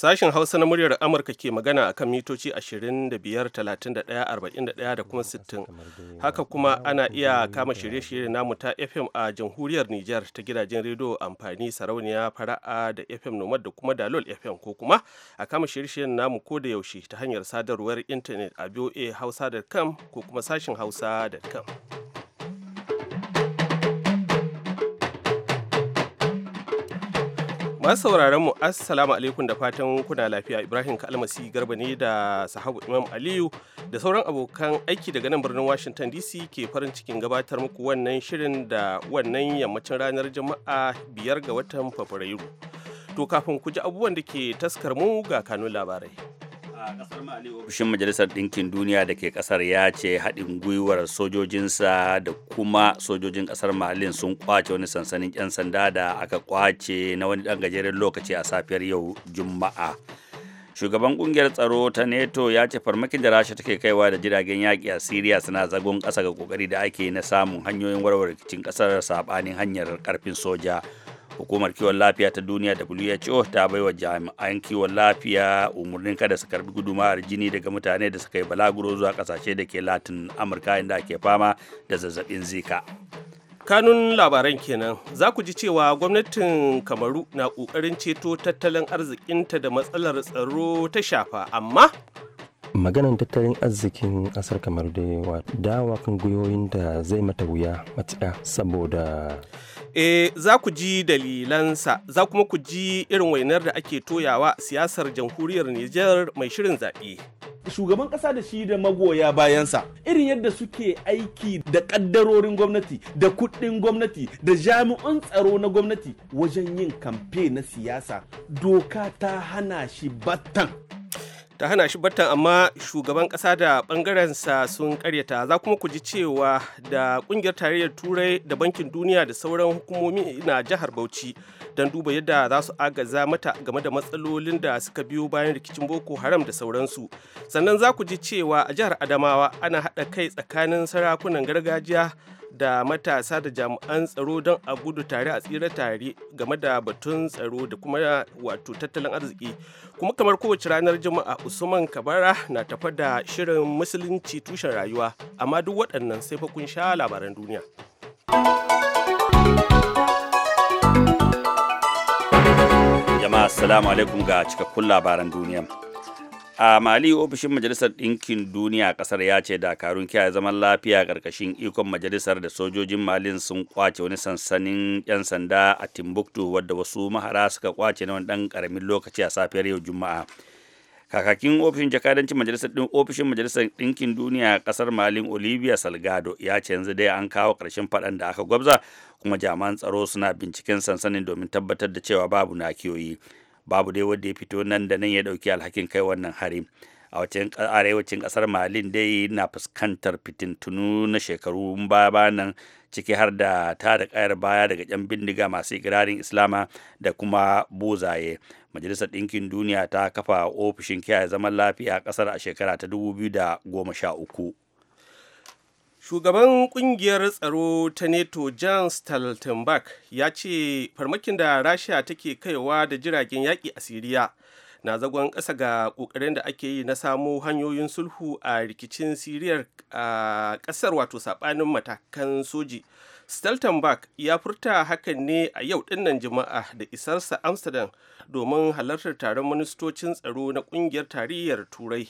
Sashen Hausa na muryar Amurka ke magana akan mitoci 25,31,41 da kuma 60. Haka kuma ana iya kama shirye-shirye namu ta FM a jamhuriyar Nijar ta gidajen rediyo amfani sarauniya fara'a da FM Nomad da kuma Dalol FM ko kuma a kama shirye-shiryen namu ko da yaushe ta hanyar sadarwar intanet a Hausa.com ko kuma sashen hausa.com. ma sauraron mu assalamu alaikum da fatan kuna lafiya Ibrahim Kalmasi Garba ne da sahabu Imam Aliyu da sauran abokan aiki daga nan birnin Washington DC ke farin cikin gabatar muku wannan shirin da wannan yammacin ranar Juma'a biyar ga watan Fabrairu. To kafin ku ji abubuwan da ke taskar mu ga kanun labarai. a majalisar ɗinkin duniya da ke ƙasar ya ce haɗin gwiwar sojojinsa da kuma sojojin ƙasar malin sun kwace wani sansanin 'yan sanda da aka kwace na wani ɗan gajeren lokaci a safiyar yau juma'a shugaban ƙungiyar tsaro ta neto ya ce farmakin da rasha take kaiwa da jiragen yaƙi a siriya suna zagon ƙasa ga ƙoƙari da ake na samun hanyoyin warware rikicin ƙasar saɓanin hanyar ƙarfin soja hukumar kiwon lafiya ta duniya da who ta baiwa jami'an kiwon lafiya umarnin kada su karbi gudumar jini daga mutane da suka yi balaguro zuwa kasashe da ke latin amurka inda ke fama da zazzabin zika kanun labaran kenan za ku ji cewa gwamnatin kamaru na ƙoƙarin ceto tattalin arzikinta da matsalar tsaro ta shafa amma maganan tattalin arzikin kasar kamar da yawa dawa kan gwiwoyin da zai mata wuya matuƙa saboda E, za ku ji dalilansa, za kuma ku ji irin wainar da ake toyawa siyasar jamhuriyar Nijar mai shirin zaɓe. Shugaban ƙasa da shi da magoya bayansa, irin yadda suke aiki da ƙaddarorin gwamnati, da kuɗin gwamnati, da jami'un tsaro na gwamnati wajen yin kamfe na siyasa, doka ta hana shi battan. ta hana shi batan amma shugaban kasa da bangarensa sun karyata za kuma ku ji cewa da kungiyar tarayyar turai da bankin duniya da sauran hukumomi na jihar bauchi don duba yadda za su agaza mata game da matsalolin da suka biyo bayan rikicin boko haram da sauransu sannan za ku ji cewa a jihar adamawa ana haɗa kai tsakanin sarakunan gargajiya da matasa da jami'an tsaro don a gudu tare a tsira tare game da batun tsaro da kuma wato tattalin arziki kuma kamar kowace ranar juma'a usman kabara na tafa da shirin musulunci tushen rayuwa amma duk waɗannan sai fa kun sha labaran duniya jama'a assalamu alaikum ga cikakkun labaran duniya a mali ofishin majalisar ɗinkin duniya ƙasar ya ce dakarun kiyaye zaman lafiya ƙarƙashin ikon majalisar da sojojin malin sun kwace wani sansanin 'yan sanda a timbuktu wadda wasu mahara suka kwace na wani ɗan ƙaramin lokaci a safiyar yau juma'a kakakin ofishin jakadancin majalisar ɗin ofishin majalisar ɗinkin duniya ƙasar malin olivia salgado ya ce yanzu dai an kawo ƙarshen faɗan da aka gwabza kuma jami'an tsaro suna binciken sansanin domin tabbatar da cewa babu nakiyoyi babu dai wanda ya fito nan da nan ya ɗauki alhakin kai wannan hari a wacin arewacin kasar malin dai na fuskantar fitintunu na shekaru baya nan ciki har da ta da kayar baya daga yan bindiga masu ikirarin islama da kuma buzaye majalisar ɗinkin duniya ta kafa ofishin kiyaye zaman lafiya a kasar a shekara ta 2013 shugaban kungiyar tsaro ta neto john stoltenberg ya ce farmakin da rasha take kaiwa da jiragen yaƙi a siriya na zagon ƙasa ga ƙoƙarin da ake yi na samo hanyoyin sulhu a rikicin siriyar a ƙasar wato saɓanin matakan soji stoltenberg ya furta hakan ne a yau dinnan jama'a da isarsa amsterdam domin halartar taron ministocin tsaro na ƙungiyar tarayyar turai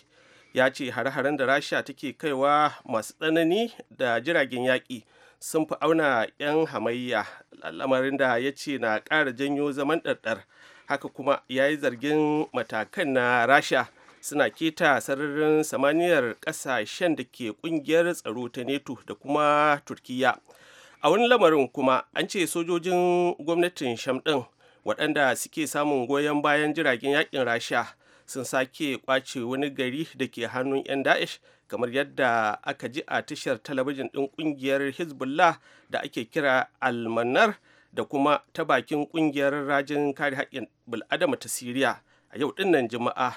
ya ce hare-haren da rasha take kaiwa masu tsanani da jiragen yaƙi sun fi auna 'yan hamayya lamarin da ya ce na ƙara janyo zaman ɗarɗar haka kuma ya yi zargin matakan na rasha suna keta sararin samaniyar ƙasashen da ke ƙungiyar tsaro ta neto da kuma turkiya a wani lamarin kuma an ce sojojin gwamnatin sham ɗin waɗanda suke samun goyon bayan jiragen yaƙin rasha sun sake kwace wani gari da ke hannun 'yan da'ish kamar yadda aka ji a tashar talabijin ɗin ƙungiyar hezbollah da ake kira almanar da kuma ta bakin ƙungiyar rajin kare haƙƙin bil'adama ta siriya a yau ɗinnan juma'a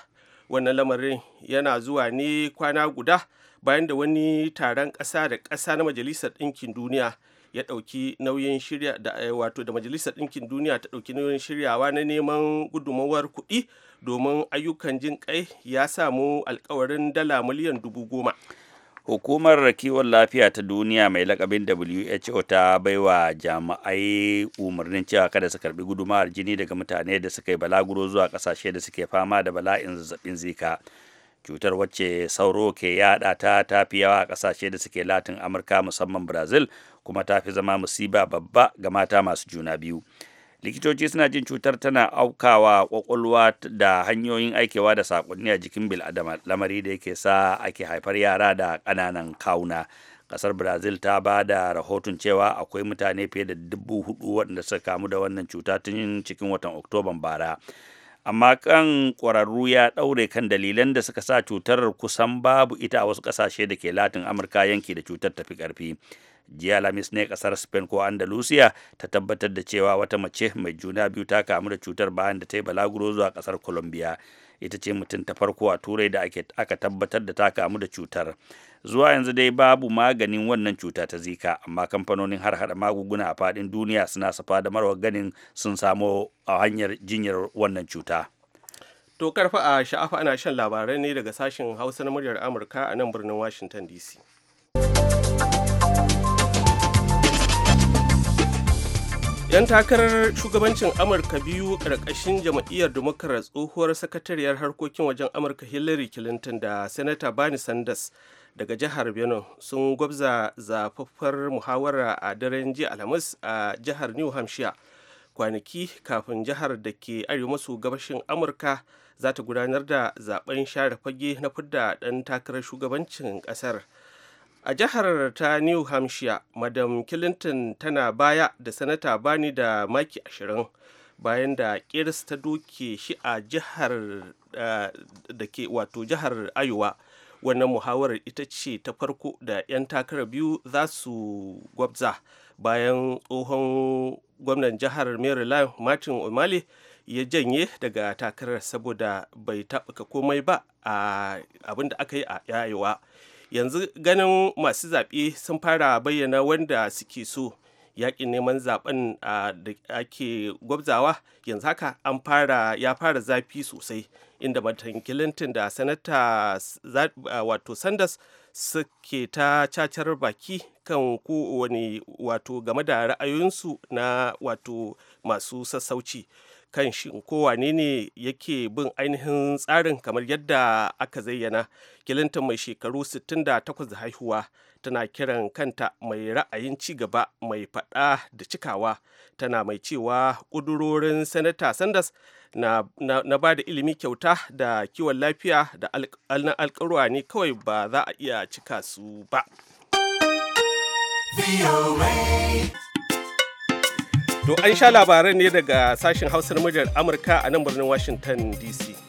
Wani lamarin yana zuwa ne kwana guda bayan da wani taron ƙasa da ƙasa na majalisar ɗinkin duniya ya ɗauki nauyin shirya da eh, wato da majalisar ɗinkin duniya ta ɗauki nauyin shiryawa na neman gudumawar kuɗi domin ayyukan jin kai ya samu alkawarin dala miliyan dubu goma hukumar kiwon lafiya ta duniya mai lakabin who ta baiwa jami'ai umarnin cewa kada su karbi gudumar jini daga mutane da suka yi balaguro zuwa kasashe da suke fama da bala'in zazzabin zika cutar wacce sauro ke yada ta tafi yawa a kasashe da suke latin amurka musamman brazil kuma ta fi zama musiba babba ga mata masu juna biyu likitoci suna jin cutar tana aukawa kwakwalwa da hanyoyin aikewa da sakonni a jikin bil'adama lamari da yake sa ake haifar yara da ƙananan kawuna. kasar brazil ta ba da rahoton cewa akwai mutane fiye da dubu hudu waɗanda suka kamu da wannan cuta tun cikin watan oktoban bara amma kan ƙwararru ya ɗaure kan dalilan da suka sa cutar kusan babu ita a wasu ƙasashe da ke latin amurka yanki da cutar tafi ƙarfi jiya lamis ne ƙasar spain ko andalusia ta tabbatar da cewa wata mace mai juna biyu ta kamu da cutar bayan da ta yi balaguro zuwa ƙasar colombia ita ce mutum ta farko a turai da aka tabbatar da ta kamu da cutar zuwa yanzu dai babu maganin wannan cuta ta zika amma kamfanonin har hada magunguna a fadin duniya suna safa da marwa ganin sun samo a hanyar jinyar wannan cuta to karfa a sha'afa ana shan labarai ne daga sashen hausa na muryar amurka a nan birnin washington dc yan takarar shugabancin amurka biyu ƙarƙashin jam'iyyar dimokrat tsohuwar sakatariyar harkokin wajen amurka hillary clinton da senator bernie sanders daga jihar benin sun gwabza zafaffar muhawara a daren jiya alhamis a jihar new hampshire kwanaki kafin jihar da ke arewa maso gabashin amurka za ta gudanar da zaben share fage na fidda dan takarar shugabancin kasar a jihar ta new hampshire madam clinton tana baya da sanata bani da maki ashirin bayan da kirista doke shi a jihar eh, da ke wato jihar ayowa wannan muhawarar ita ce ta farko da 'yan takarar biyu za su gwabza bayan tsohon gwamnan jihar maryland martin o'malley ya janye daga takarar saboda bai taɓuka komai ba a abin da aka yi a yayewa yanzu ganin masu zaɓe sun fara bayyana wanda suke so yakin neman zaben da ake gwabzawa yanzu haka an fara ya fara zafi sosai inda matan clinton da sanata wato sanders suke ta cacar baki kan kowane wato game da ra'ayoyinsu na wato masu sassauci kan shin kowane ne yake bin ainihin tsarin kamar yadda aka zayyana clinton mai shekaru 68 da haihuwa tana kiran kanta mai ra'ayin ci gaba mai fada da cikawa tana mai cewa kudurorin sanata sanders na, na, na ba da ilimi kyauta da kiwon lafiya da al, alkarwa ne kawai ba za a iya cika su ba. To an sha labaran ne daga sashen hausar muryar Amurka a nan birnin Washington DC.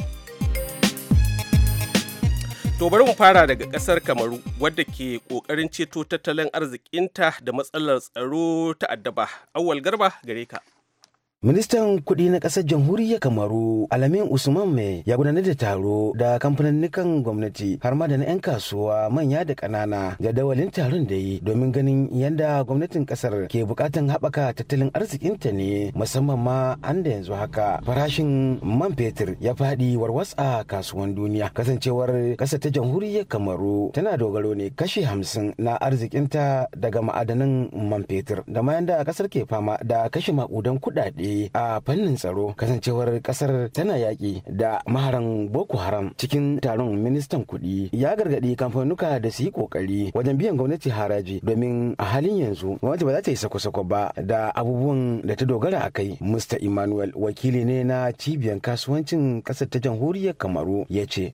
To bari mu fara daga kasar Kamaru wadda ke kokarin ceto tattalin arzikinta da matsalar tsaro ta addaba. Awal garba gare ka. Ministan kuɗi na ƙasar jamhuriyar Kamaru Alamin Usman Mai ya gudanar da taro da kamfaninnikan gwamnati har ma da na 'yan kasuwa manya da ƙanana dawalin taron da yi domin ganin yadda gwamnatin ƙasar ke buƙatan haɓaka tattalin arzikinta ne musamman ma an da yanzu haka farashin man fetur ya faɗi warwas a kasuwan duniya kasancewar ƙasar ta jamhuriyar Kamaru tana dogaro ne kashi hamsin na arzikinta daga ma'adanan man fetur da ma yanda ƙasar ke fama da kashe maƙudan kuɗaɗe yi a fannin tsaro kasancewar kasar tana yaƙi da maharan boko haram cikin taron ministan kuɗi ya gargaɗi kamfanuka da su yi ƙoƙari wajen biyan gwamnati haraji domin a halin yanzu gwamnati ba za ta yi sako-sako ba da abubuwan da ta dogara a kai mr emmanuel wakili ne na cibiyar kasuwancin ƙasar ta jamhuriyar kamaru ya ce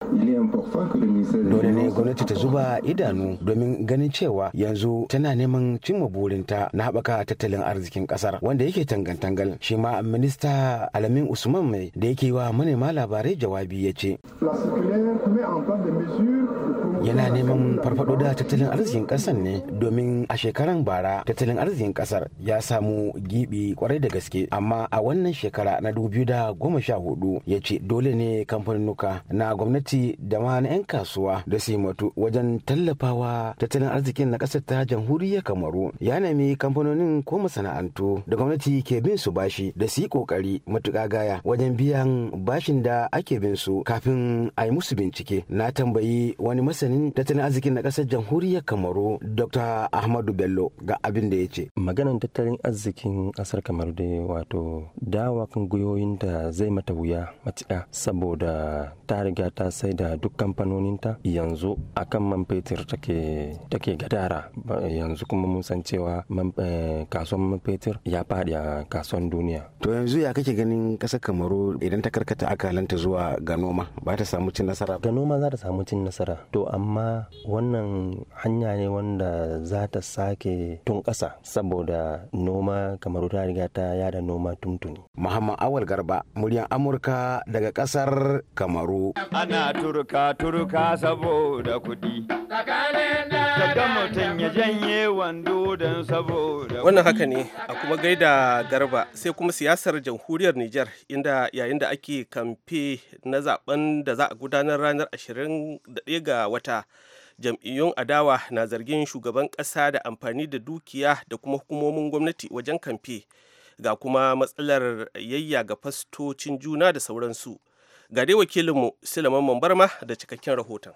dole ne gwamnati ta zuba idanu domin ganin cewa yanzu tana neman cimma burinta na haɓaka tattalin arzikin ƙasar wanda yake tangantangal shi ma minista alamin usman mai da yake wa manema labarai jawabi ya ce yana neman farfado da tattalin arzikin kasar ne domin a shekaran bara tattalin arzikin kasar ya samu gibi kwarai da gaske amma a wannan shekara na hudu ya ce dole ne kamfanunuka na gwamnati da ma na 'yan kasuwa da su matu wajen tallafawa tattalin arzikin na kasar ta jamhuriyar kamaru ya nemi kamfanonin ko masana'antu da gwamnati ke bin su bashi da su yi kokari matuƙa gaya wajen biyan bashin da ake bin su kafin a yi musu bincike na tambayi wani masana. masanin tattalin arzikin na kasar jamhuriyar kamaru dr ahmadu bello ga abin da ya ce maganan tattalin arzikin kasar kamaru da wato dawa kan gwiwoyin da zai mata wuya matuka saboda ta riga ta sai da duk kamfanoninta yanzu akan man fetur take gadara yanzu kuma mun san cewa eh, kasuwan man fetur ya faɗi a kasuwan duniya to yanzu ya kake ganin kasar kamaru idan ta karkata akalanta zuwa ga noma ba ta samu cin nasara ga noma za ta samu cin nasara to amma wannan hanya ne wanda za ta sake tun ƙasa saboda noma kamar ta riga ta yada noma tuntuni muhammad awal garba muryan amurka daga ƙasar kamaru ana turka turka saboda kuɗi tsakanin wannan haka ne a kuma gaida garba sai kuma siyasar jamhuriyar niger inda yayin da ake kamfe na zaben da za a gudanar ranar 21 ga wata jam'iyyun adawa na zargin shugaban ƙasa da amfani da dukiya da kuma hukumomin gwamnati wajen kamfe ga kuma matsalar yayya ga fastocin juna da sauransu ga dai wakilinmu silaman mambarma da cikakken rahoton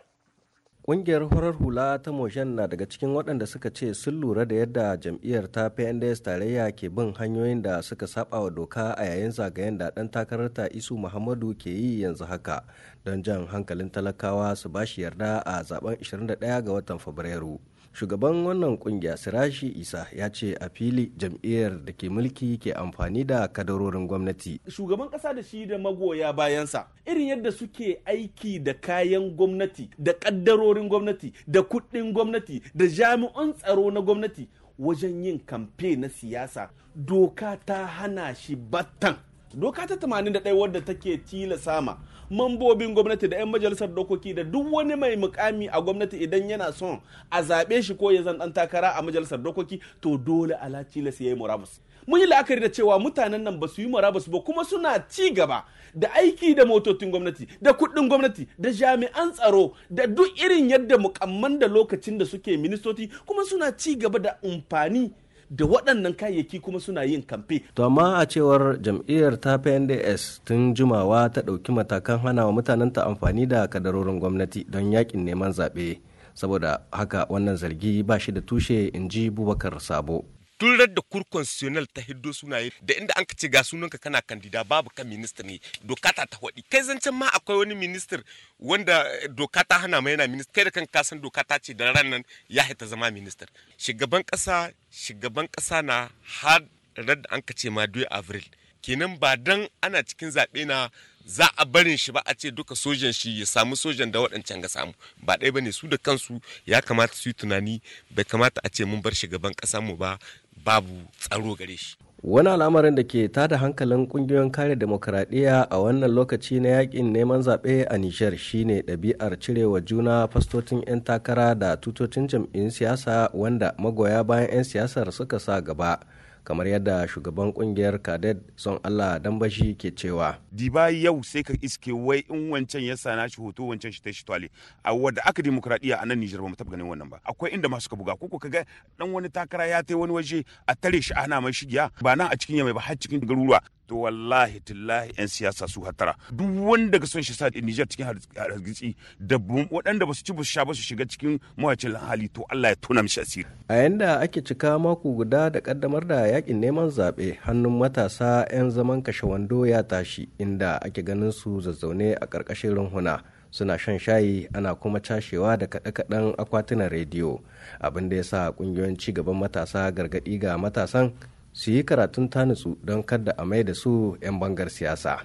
Ƙungiyar horar hula ta Mojen na daga cikin waɗanda suka ce sun lura da yadda jam'iyyar ta PNDS tarayya ke bin hanyoyin da suka saba wa doka a yayin zagayen da ɗan takarar ta Isu Muhammadu ke yi yanzu haka don jan hankalin talakawa su bashi yarda a zaben 21 ga watan Fabrairu. shugaban wannan kungiya sirashi isa ya ce a fili jam'iyyar da ke mulki ke amfani da kadarorin gwamnati shugaban kasa da shi da magoya bayansa irin yadda suke aiki da kayan gwamnati da kaddarorin gwamnati da kuɗin gwamnati da jami'an tsaro na gwamnati wajen yin kamfe na siyasa doka ta hana shi battan doka ta tamanin da 81 wadda take tila sama mambobin gwamnati da 'yan majalisar dokoki da duk wani mai mukami a gwamnati idan yana son a zaɓe shi ko ya zan ɗan takara a majalisar dokoki to dole ala tilasa ya yi murabus mun yi la'akari da cewa mutanen nan ba su yi murabus ba kuma suna ci gaba da aiki da motocin gwamnati da kuɗin gwamnati da jami'an tsaro da duk irin yadda mukamman da lokacin da suke ministoci kuma suna ci gaba da amfani da waɗannan kayayyaki kuma suna yin kamfe. To amma a cewar jam'iyyar ta PNDS tun jimawa ta ɗauki matakan hana wa mutanen ta amfani da kadarorin gwamnati don yakin neman zaɓe. Saboda haka wannan zargi ba shi da tushe in ji Bubakar Sabo. tun da kur constitutional ta hiddo sunaye da inda an ce ga sunanka kana kandida babu kan minister ne doka ta ta hodi kai zancen ma akwai wani minister wanda eh, doka ta hana mai yana minister kai da kan san doka ta ce da ran nan ya haita zama minister shugaban kasa shugaban kasa na har da an ce ma 2 avril kenan ba dan ana cikin zaɓe na za a barin shi ba a ce duka sojan shi ya samu sojan da waɗancan ga samu ba ɗaya bane su da kansu ya kamata su yi tunani bai kamata a ce mun bar shugaban ƙasa mu ba babu tsaro gare shi wani al'amarin da ke tada hankalin kungiyoyin kare demokradiyya a wannan lokaci na yakin neman zaɓe a nijar shine ɗabi'ar cirewa juna fastocin 'yan takara da tutocin jam'in siyasa wanda magoya bayan 'yan siyasar suka sa gaba kamar yadda shugaban kungiyar kadet son allah dambashi ke cewa diba yau sai ka iske wai in wancan ya sana shi hoto wancan shi ta shi twale a wadda aka demokradiya a nan nijar ba mu taba ganin wannan ba akwai inda masu ka buga ko ka ga dan wani takara ya tai wani waje a tare shi ana mai shigiya ba nan a cikin yamai ba har cikin garuruwa to wallahi tillahi yan siyasa su hatara duk wanda ka son shi sa Niger cikin hargitsi da waɗanda ba su ci ba su sha ba su shiga cikin mawacin hali to Allah ya tona mishi asiri a yanda ake cika mako guda da kaddamar da yakin neman zaɓe hannun matasa yan zaman kashe wando ya tashi inda ake ganin su zazzaune a ƙarƙashin runhuna suna shan shayi ana kuma cashewa da kaɗe-kaɗen akwatunan rediyo abin da ya sa ƙungiyoyin ci gaban matasa gargaɗi ga matasan su yi karatun tanutsu don kada a mai da su 'yan bangar siyasa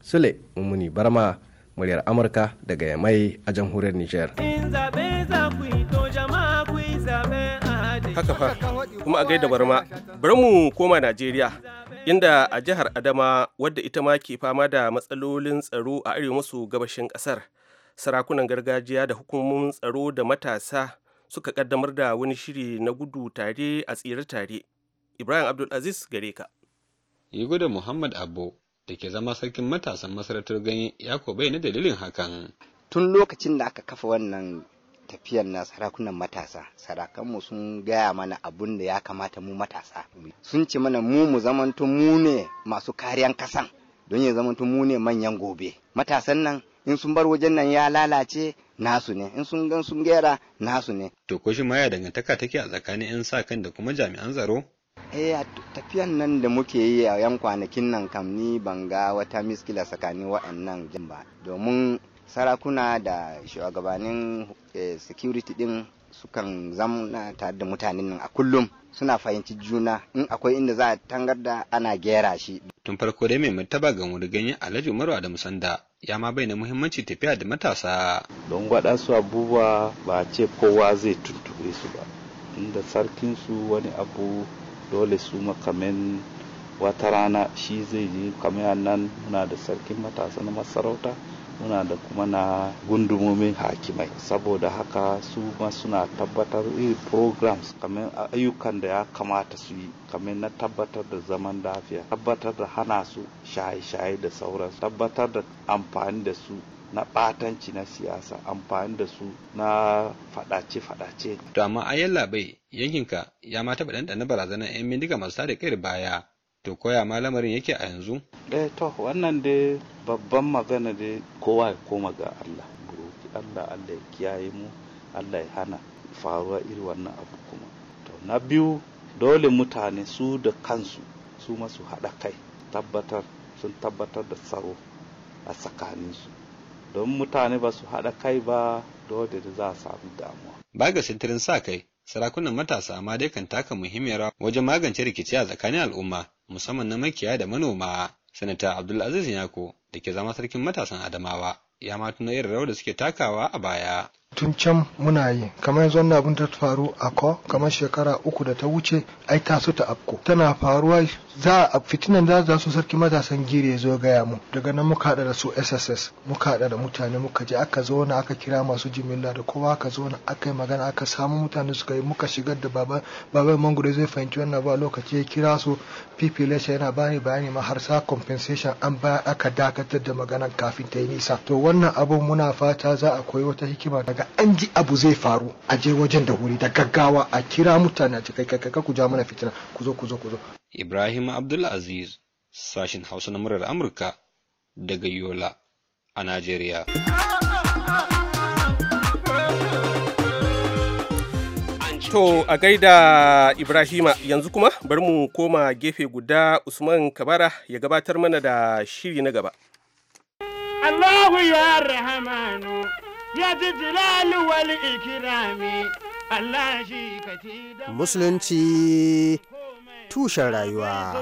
sule mummuni barma muryar amurka daga yamai a jamhuriyar niger haka fa kuma a gaida barma bari mu koma najeriya inda a jihar adama wadda ita ma ke fama da matsalolin tsaro a arewa maso gabashin kasar sarakunan gargajiya da hukumomin tsaro da matasa suka kaddamar da wani shiri na gudu tare a tsire tare Ibrahim Abdulaziz gare ka. Igu da Muhammad Abbo da ke zama sarkin matasan masarautar ganye ya ko bayyana dalilin hakan. Tun lokacin da aka kafa wannan tafiyar na sarakunan matasa sarakanmu sun gaya mana abun da ya kamata mu matasa sun ce mana mu mu zamanto mu ne masu kariyan kasan don ya zamanto mu ne manyan gobe matasan nan in sun bar wajen nan ya lalace nasu ne in sun gan sun gera nasu ne to ko shi ma ya dangantaka take a tsakanin yan sa kan da kuma jami'an tsaro eh tafiyan nan da muke yi a yan kwanakin nan kam ni ban ga wata miskila tsakanin wa'annan jin ba domin sarakuna da shugabannin eh, security din sukan zamna tare da mutanen nan a kullum suna fahimci juna in akwai inda za a tangar da ana gera shi. Tun farko dai mai martaba ga wani ganye Alhaji Umaru Adamu Sanda ya ma bai na muhimmanci tafiya da matasa. Don gwada su abubuwa ba ce kowa zai tuntube su ba. Inda sarkin su wani abu dole su makamin wata rana shi zai yi kamar nan muna da sarkin matasa na masarauta muna da kuma na gundumomin hakimai saboda haka su ma suna tabbatar irin programs kamar ayyukan da ya kamata su yi kamar na tabbatar da zaman lafiya tabbatar da hana su shaye-shaye da sauransu tabbatar da amfani da su na ɓatanci na siyasa amfani da su na faɗace-faɗace. To amma ayan labai yankinka ya ma taɓa ɗanɗana barazanar 'yan bindiga masu tada kai baya to koya ma lamarin yake a yanzu? Eh to wannan dai babban magana dai kowa ya koma ga Allah. Allah Allah ya kiyaye mu Allah ya hana faruwa iri wannan abu kuma. To na biyu dole mutane su da kansu su masu haɗa kai tabbatar sun tabbatar da tsaro a tsakaninsu. don mutane ba su haɗa kai ba dole da za a samu damuwa. Ba ga sintirin sa kai, sarakunan matasa ma dai kan taka muhimmiyar rawa wajen magance rikici a tsakanin al'umma musamman na makiya da manoma. Sanata Abdulaziz Yako da ke zama sarkin matasan Adamawa ya ma tuna irin rawar da suke takawa a baya. tun can muna yi kamar yanzu wannan abin ta faru a ko kamar shekara uku da ta wuce ai ta su ta afko tana faruwa za a fitinan da za su sarki matasan gire ya zo gaya mu daga nan muka hada da su sss muka hada da mutane muka je aka zauna aka kira masu jimilla da kowa aka zauna aka yi magana aka samu mutane suka yi muka shigar da baban baban mangure zai fahimci wannan ba lokaci ya kira su pplesha yana bani bayani ma har sa compensation an baya aka dakatar da maganar kafin ta yi nisa to wannan abun muna fata za a koyi wata hikima daga an ji abu zai faru a je wajen da wuri da gaggawa a kira mutane a kai kai ku ja mana fitina ku zo ku zo ku zo Ibrahim Abdulaziz sashin Hausa na murar Amurka daga Yola a Najeriya To a gaida Ibrahima yanzu kuma bari mu koma gefe guda Usman Kabara ya gabatar mana da shiri na gaba. Allahu ya rahamanu ya ji jilali ikirami Allah shi ka musulunci tushen rayuwa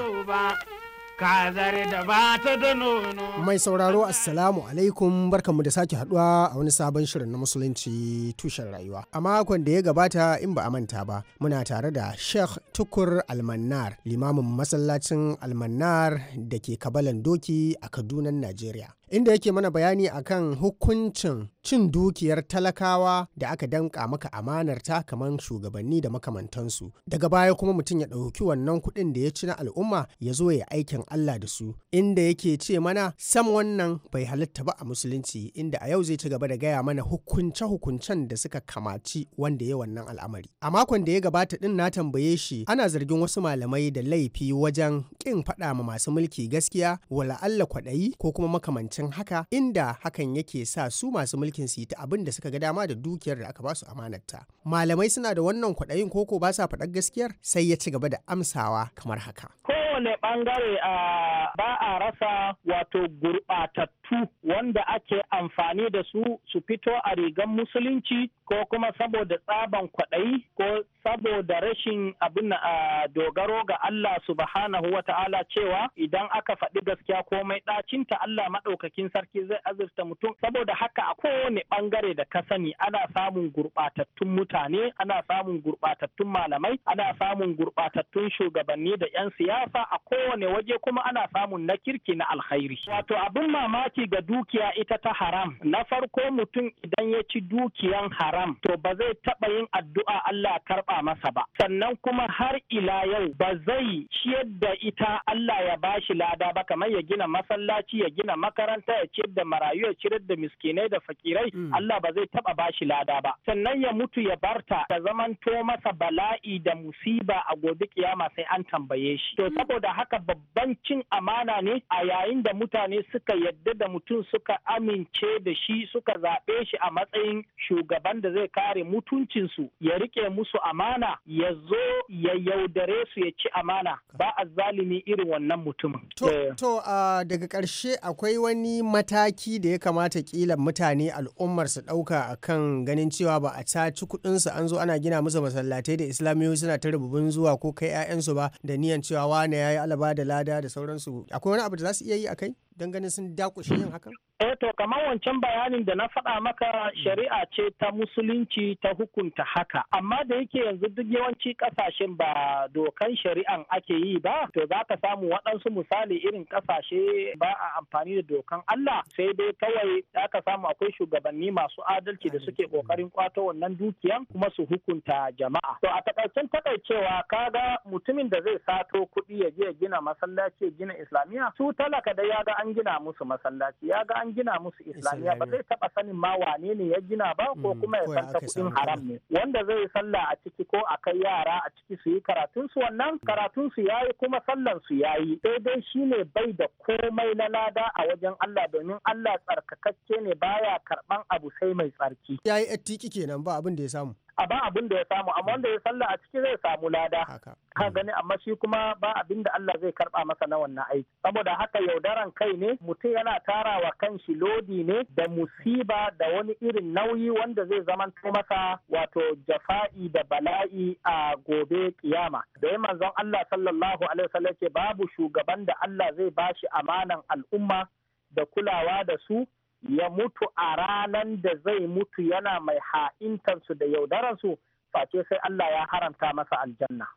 Mai sauraro Assalamu alaikum barkanmu da sake haduwa a wani sabon shirin na musulunci tushen rayuwa. A makon da ya gabata in ba a manta ba muna tare da Sheikh Tukur Almannar limamin masallacin Almannar da ke kabalan doki a Kaduna Najeriya. inda yake mana bayani akan hukuncin cin dukiyar talakawa da aka danka maka amanarta kamar shugabanni da makamantansu daga baya kuma mutum ya ɗauki wannan kuɗin da ya ci na al'umma ya zo ya aikin Allah da su inda yake ce mana sam wannan bai halitta ba a musulunci inda a yau zai ci gaba da gaya mana hukunce hukuncen da suka kamaci wanda ya wannan al'amari a makon da ya gabata din na tambaye shi ana zargin wasu malamai da laifi wajen kin faɗa ma masu mulki gaskiya wala Allah kwaɗayi ko kuma makamancin akasin haka inda hakan yake sa su masu mulkin su yi ta abin da suka ga dama da dukiyar da aka ba su amanarta malamai suna da wannan kwaɗayin koko ba sa faɗar gaskiyar sai ya ci gaba da amsawa kamar haka. kowane bangare a ba a rasa wato gurɓatattu wanda ake amfani da su su fito a rigan musulunci ko kuma saboda tsaban kwaɗayi ko saboda rashin abin a dogaro ga Allah subhanahu wa ta'ala cewa idan aka faɗi gaskiya komai ɗacinta Allah maɗaukakin sarki zai azurta mutum saboda haka a kowane bangare da ka sani ana samun gurɓatattun mutane ana samun gurɓatattun malamai ana samun gurɓatattun shugabanni da 'yan siyasa a kowane waje kuma ana samun na kirki na alkhairi. Wato abin mamaki ga dukiya ita ta haram. Na farko mutum idan ya ci dukiyan haram to ba zai taɓa yin addu'a Allah karɓa masa ba. Sannan kuma har ila yau ba zai ciyar da ita Allah ya bashi lada ba kamar ya gina masallaci ya gina makaranta ya ciyar da marayu ya ciyar da miskinai da fakirai mm. Allah ba zai taɓa bashi lada ba. Sannan ya mutu ya barta ta zamanto masa bala'i da musiba a gobe kiyama sai an tambaye shi. To saboda haka babban cin amana ne a yayin da mutane suka yadda da mutum suka amince da shi suka zaɓe shi a matsayin shugaban da zai kare mutuncinsu ya riƙe musu amana ya zo ya yaudare su ya ci amana ba a zalimi irin wannan mutumin. To, eh. daga karshe akwai wani mataki da ya kamata kila mutane al'ummar su ɗauka a kan ganin cewa ba a caci kuɗinsu an zo ana gina musu masallatai da islamiyoyi suna ta rububin zuwa ko kai 'ya'yansu ba da niyan cewa wane ya yi alaba da lada da sauransu akwai wani abu da za su iya yi a kai. don ganin sun dakushe yin hakan? Eh to kamar wancan bayanin da na faɗa maka shari'a ce ta musulunci ta hukunta haka amma da yake yanzu duk yawanci ƙasashen ba dokan shari'an ake yi ba to za ka samu waɗansu misali irin ƙasashe ba a amfani da dokan Allah sai dai kawai za ka samu akwai shugabanni masu adalci da suke ƙoƙarin kwato wannan dukiyan kuma su hukunta jama'a to a takaicen ka ga mutumin da zai sato kuɗi ya je gina masallaci gina islamiyya? su talaka da ya ga an an gina musu masallaci ya ga an gina musu islamiyya ba zai taba sanin ma wane ne ya gina ba ko mm, kuma ya san ta kudin haram ne wanda zai sallah a ciki ko a kai yara a ciki su yi karatun su wannan mm. karatun su yayi kuma sallan su yayi sai dai shine bai da komai na lada a wajen Allah domin Allah tsarkakakke ne baya karban abu sai mai tsarki yayi attiki kenan ba abin da ya samu a ba abin da ya samu amma wanda ya sallah a ciki zai samu lada ka gani amma shi kuma ba abin da Allah zai karba masa na wannan aiki saboda haka yaudaran kai ne mutum yana tara wa kanshi lodi ne da musiba da wani irin nauyi wanda zai zamanto masa wato jafa'i da bala'i a gobe kiyama da ya manzon Allah sallallahu alaihi wasallam ce babu shugaban da Allah zai bashi amanan al'umma da kulawa da su ya mutu a ranan da zai mutu yana mai ha'intansu da yaudaransu face sai Allah ya haramta masa aljanna.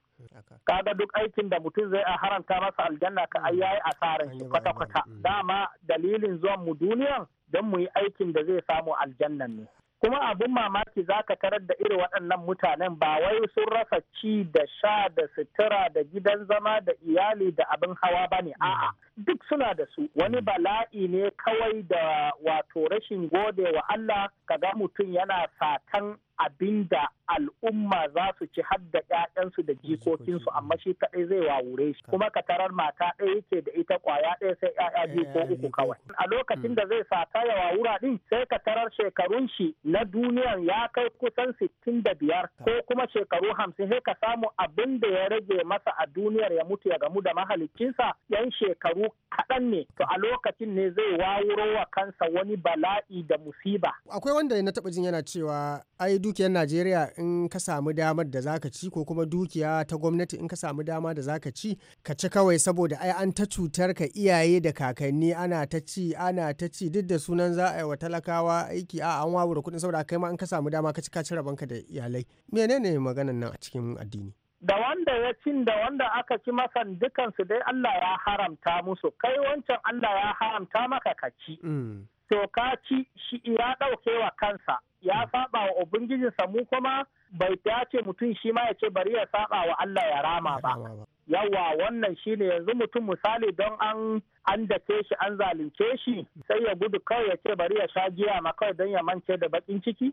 Kaga duk aikin da mutum zai a haramta masa aljanna ka ai yayi asaran shi kwata-kwata. Mm. Dama dalilin zuwan mu duniyan don mu yi aikin da zai samu aljannan ne. kuma abin mamaki za ka karar da irin waɗannan mutanen ba wai sun rasa ci da sha da sutura da gidan zama da iyali da abin hawa ba ne a'a duk suna da su wani bala'i ne kawai da wato rashin gode wa Allah kaga mutum yana satan abin da al'umma za su ci hadda da ƴaƴansu da jikokinsu amma shi kaɗai zai wawure shi kuma ka tarar mata ɗaya yake da ita ƙwaya ɗaya sai ƴaƴa biyu eh, uku kawai eh, eh. a lokacin da mm. zai sata ya wawura ɗin sai ka tarar shekarun shi na duniyan ya kai kusan sittin da biyar ko kuma shekaru hamsin sai ka samu abin da ya rage masa a duniyar ya mutu ya gamu da mahalicinsa yan shekaru kaɗan ne to a lokacin ne zai wawuro wa kansa wani bala'i da musiba akwai wanda na taɓa jin yana cewa ai dukiyar najeriya in ka samu damar da zaka ci ko kuma dukiya ta gwamnati in ka samu dama da zaka ci ka ci kawai saboda ai an ta cutar ka iyaye da kakanni ana ta ci ana ta ci duk da sunan za a yi wa talakawa aiki a an wawura kuɗin saboda kai ma in ka samu dama ka ci ka ci ka da iyalai menene maganan nan a cikin addini da wanda ya cin da wanda aka ci masan dukansu dai Allah ya haramta musu kai wancan Allah ya haramta maka ka ci mm. to ka ci shi ya ɗauke wa kansa ya saba wa ubangijinsa mu kuma bai ta ce mutum shi ma ya ce bari ya saba wa Allah ya rama ba yawa wannan shine yanzu mutum misali don an an dake shi an zalunce shi sai ya gudu kawai ya ce bari ya sha giya ma kawai don ya mance da bakin ciki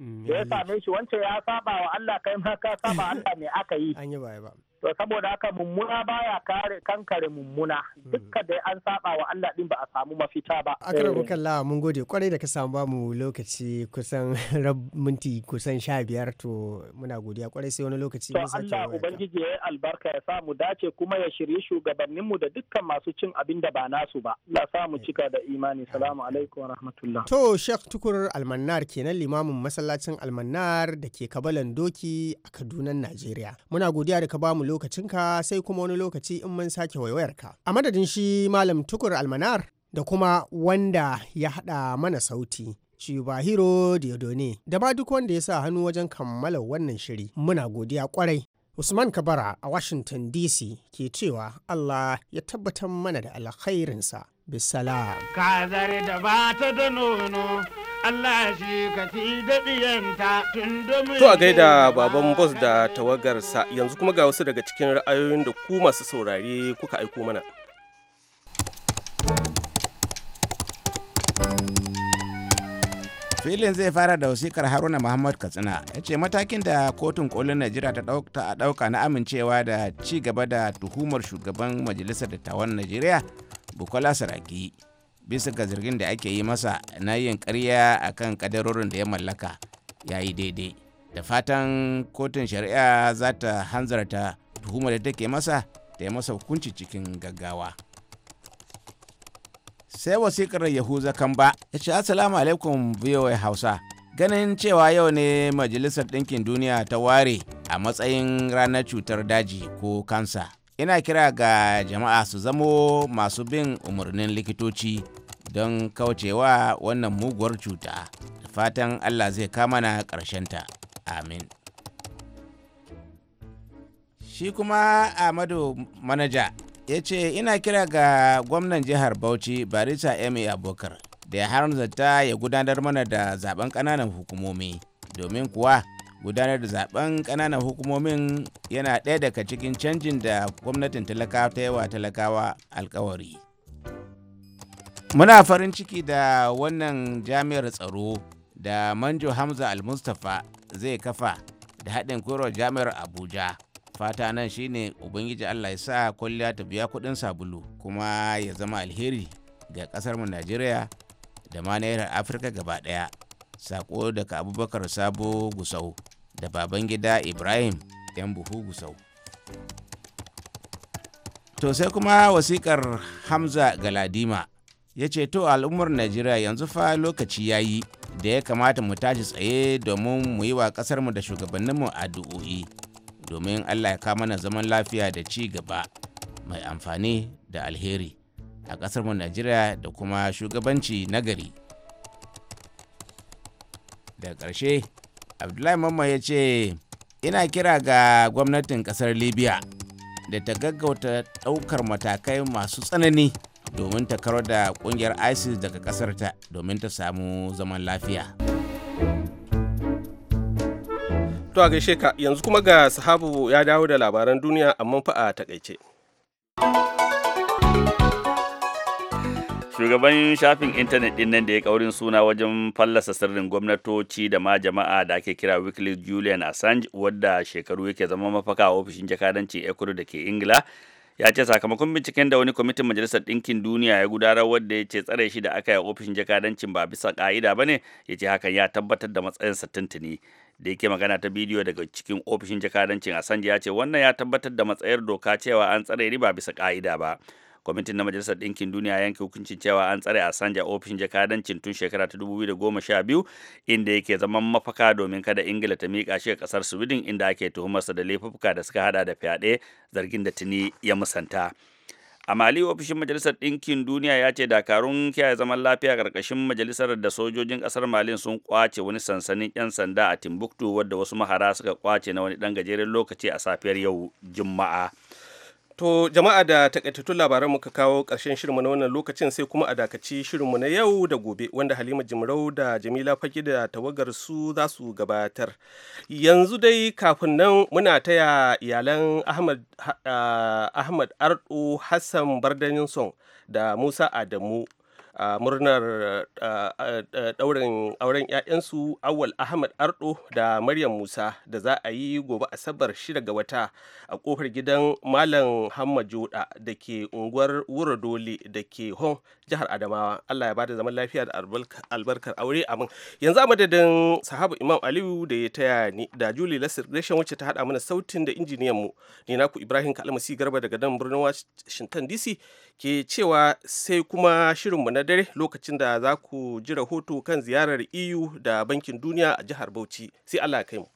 mm, ya same shi wancan ya saba wa Allah kai ma ka saba Allah me aka yi an yi ba to saboda haka mummuna baya kare kankare mummuna hmm. dukka dai an saba wa Allah din ba a samu mafita ba akrabu kalla eh. mun gode kwarai da ka samu ba mu lokaci kusan minti kusan sha biyar to muna godiya kwarai sai wani lokaci to Allah ubangiji ya albarka ya samu dace kuma ya shirye shugabannin mu da dukkan masu cin abin da ba nasu ba sa samu eh. cika da imani salamu alaikum wa rahmatullah to Sheikh Tukur Almannar kenan limamin masallacin Almannar da ke Kabalan Doki a Kaduna Najeriya muna godiya da ka ba mu lokacinka sai kuma wani lokaci in mun sake waiwayarka. A madadin shi Malam Tukur Almanar da kuma wanda ya haɗa mana sauti. Shibahiro Diodone da ba duk wanda ya sa hannu wajen kammala wannan shiri muna godiya kwarai. Usman Kabara a Washington DC ke cewa Allah ya tabbatar mana da alkhairinsa. bisala. Kazar da ba ta da nono Allah shi ka fi daɗiyanta tun domin. To a gaida baban bos da tawagarsa yanzu kuma ga wasu daga cikin ra'ayoyin da ku masu saurare kuka aiko mana. filin zai fara da wasikar haruna muhammad katsina ya ce matakin da kotun kolin najeriya ta ɗauka na amincewa da ci gaba da tuhumar shugaban majalisar dattawan najeriya bukola saraki bisa ga zargin da ake yi masa na yin karya a kan kadarorin da ya mallaka ya yi daidai da fatan kotun shari'a za ta hanzarta tuhumar da take masa da ya masa hukunci cikin gaggawa sai wasikar yahuza kamba ya ce assalamu alaikum voa hausa ganin cewa yau ne majalisar ɗinkin duniya ta ware a matsayin ranar cutar daji ko kansa ina kira ga jama'a su zamo masu bin umarnin likitoci don kaucewa wannan muguwar cuta da fatan allah zai kama na ta amin shi kuma amadu manaja ya ce ina kira ga gwamnan jihar bauchi barisa ma abokar da ya haramzata ya gudanar mana da zaben ƙananan hukumomi domin kuwa gudanar da zaben ƙananan hukumomin yana ɗaya daga cikin canjin da gwamnatin talakawa ta yawa talakawa alkawari muna farin ciki da wannan jami'ar tsaro da manjo hamza al-mustapha zai kafa da haɗin gwiwar jami'ar abuja fata nan shine ubangiji allah ya sa kwalliya ta biya kuɗin sabulu kuma ya zama alheri ga ƙasar mu najeriya da ma afirka gaba ɗaya sako daga abubakar sabo gusau da Babangida Ibrahim 'yan buhu gusau. To sai kuma wasikar Hamza Galadima ya ce to al'ummar Najeriya yanzu fa lokaci ya yi da ya kamata mu tashi tsaye domin mu yi wa ƙasarmu da shugabanninmu addu'o'i domin Allah ya kama na zaman lafiya da ci gaba mai amfani da alheri a ƙasarmu Najeriya da kuma shugabanci nagari. Da ƙarshe abdullahi mamman ya ce ina kira ga gwamnatin kasar libya da ta gaggauta ɗaukar matakai masu tsanani domin ta karo da ƙungiyar isis daga ta domin ta samu zaman lafiya to a gaishe ka yanzu kuma ga sahabu ya dawo da labaran duniya amma fa a takaice. shugaban shafin intanet ɗin nan da ya kaurin suna wajen fallasa sirrin gwamnatoci da ma jama'a da ake kira wikileaks julian assange wadda shekaru yake zama mafaka a ofishin jakadancin ecuador da ke ingila ya ce sakamakon binciken da wani kwamitin majalisar ɗinkin duniya ya gudanar wadda ya ce tsare shi da aka yi ofishin jakadancin ba bisa ka'ida ba ne ya ce hakan ya tabbatar da matsayinsa tuntuni da yake magana ta bidiyo daga cikin ofishin jakadancin assange ya ce wannan ya tabbatar da matsayar doka cewa an tsare ni ba bisa ka'ida ba kwamitin na majalisar ɗinkin duniya yanke hukuncin cewa an tsare asanja a ofishin jakadancin tun shekara ta 2012 inda yake zaman mafaka domin kada ingila ta miƙa shi a ƙasar sweden inda ake tuhumarsa da laifuka da suka hada da fyaɗe zargin da tuni ya musanta a mali ofishin majalisar ɗinkin duniya ya ce dakarun kiyaye zaman lafiya ƙarƙashin majalisar da sojojin ƙasar malin sun kwace wani sansanin 'yan sanda a timbuktu wadda wasu mahara suka kwace na wani ɗan gajeren lokaci a safiyar yau juma'a To jama'a da takaitattu labaran muka kawo ƙarshen shirinmu na wannan lokacin sai kuma a dakaci mu na yau da gobe wanda Halima Jimrau da Jamila Fage da tawagar su za su gabatar. Yanzu dai kafin nan muna taya iyalan Ahmad, ah, Ahmad Ardo Hassan Bardaninson da Musa Adamu a murnar ɗaurin auren 'ya'yansu awal ahmad ardo da maryam musa da za a yi gobe asabar shida ga wata a kofar gidan malam hamma joda da ke unguwar wura dole da ke hon jihar adamawa allah ya bada zaman lafiya da albarkar aure a amin yanzu a madadin sahabu imam aliyu da ya taya ni da julie Lassir gresham wacce ta hada mana sautin da injiniyan mu ne naku ibrahim kalmasi garba daga nan birnin washington dc ke cewa sai kuma shirin mu na dare lokacin da za ku ji rahoto kan ziyarar eu da bankin duniya a jihar bauchi sai allah ya kai mu